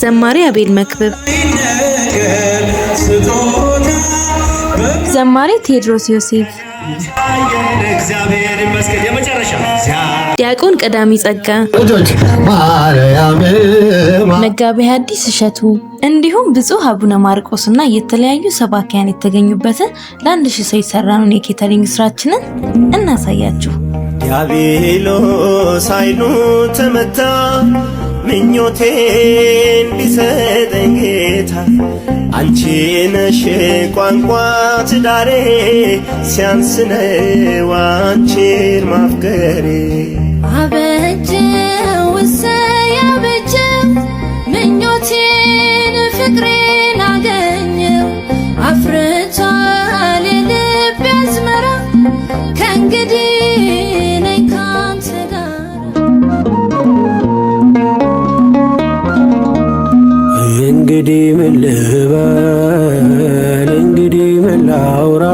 ዘማሪ አቤል መክብብ፣ ዘማሪ ቴዎድሮስ ዮሴፍ፣ ዲያቆን ቀዳሚ ጸጋ፣ መጋቢ ሐዲስ እሸቱ እንዲሁም ብፁዕ አቡነ እና የተለያዩ ሰባኪያን የተገኙበትን ለአንድ ሺህ ሰው የሰራነውን የኬተሪንግ ስራችንን እናሳያችሁ። ዲያብሎስ አይኑ ተመታ ምኞቴን ቢሰጠኝ ጌታ አንቺ ነሽ ቋንቋ ትዳሬ ሲያንስነው አንቺን ማፍቀሬ አበጀ ውሰ ያበ እንግዲህ ምን ልበል እንግዲህ ምን ላውራ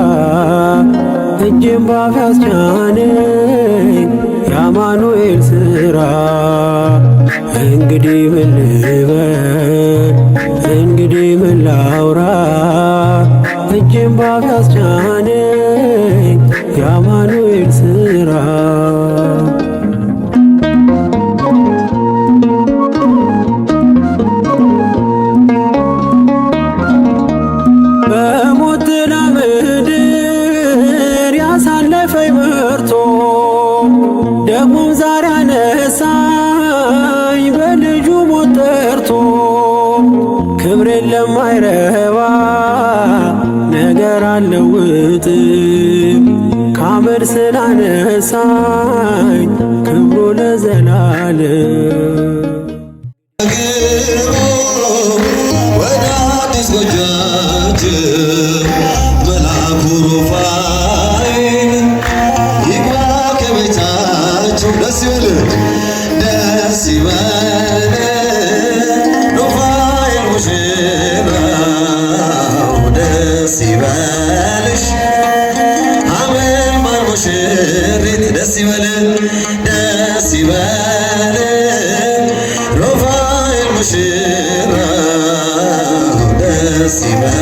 እጅም ባፍ ያስቻነኝ የአማኑኤል ስራ እንግዲህ ምን ልበል እንግዲህ ምን ላውራ እጅም ባፍ ያስቻነኝ የአማኑኤል ስራ ከሞት ጥላ ምድር ያሳለፈኝ መርቶ ደግሞም ዛሬ አነሳኝ በልጁ ሞት ጠርቶ ክብሬን ለማይረባ ነገር አልለውጥም ከአመድ ስላነሳኝ ክብሩ ለዘላለም አምላክም መላኩ ሩፋኤል ይግባ ከቤታችሁ። ደስ ይበል፣ ደስ ይበል ሩፋኤል ሙሽራው ደስ ይበልሽ አመማን ሙሽሪት ደስ ይበል፣ ደስ ይበል ሩፋኤል ሙሽራ ደስ ይበል።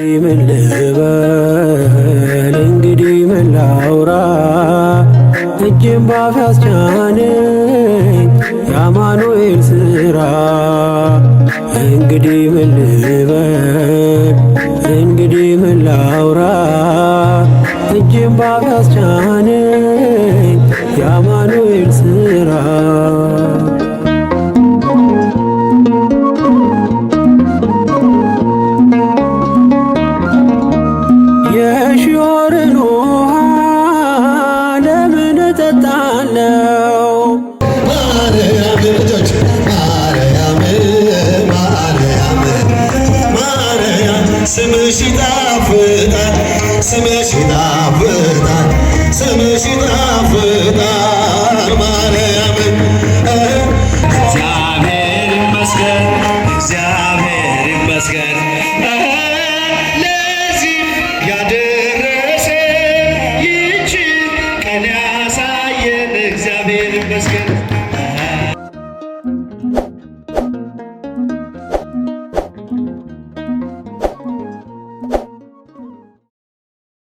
እንግዲህ ምን ልበል፣ እንግዲህ ምን ላውራ፣ እጅም ባፍ ያስቻነኝ የአማኑኤል ስራ። እንግዲህ ምን ልበል፣ እንግዲህ ምን ላውራ፣ እጅም ባፍ ስምሽ ይጣፍጣል፣ ስምሽ ይጣፍጣል ማርያም እግዚአብሔር ይመስገን፣ እግዚአብሔር ይመስገን ያደረሰ ቀን ያሳየን እግዚአብሔር ይመስገን።